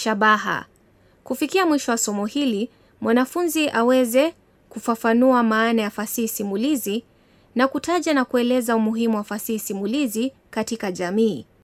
Shabaha. Kufikia mwisho wa somo hili, mwanafunzi aweze kufafanua maana ya fasihi simulizi na kutaja na kueleza umuhimu wa fasihi simulizi katika jamii.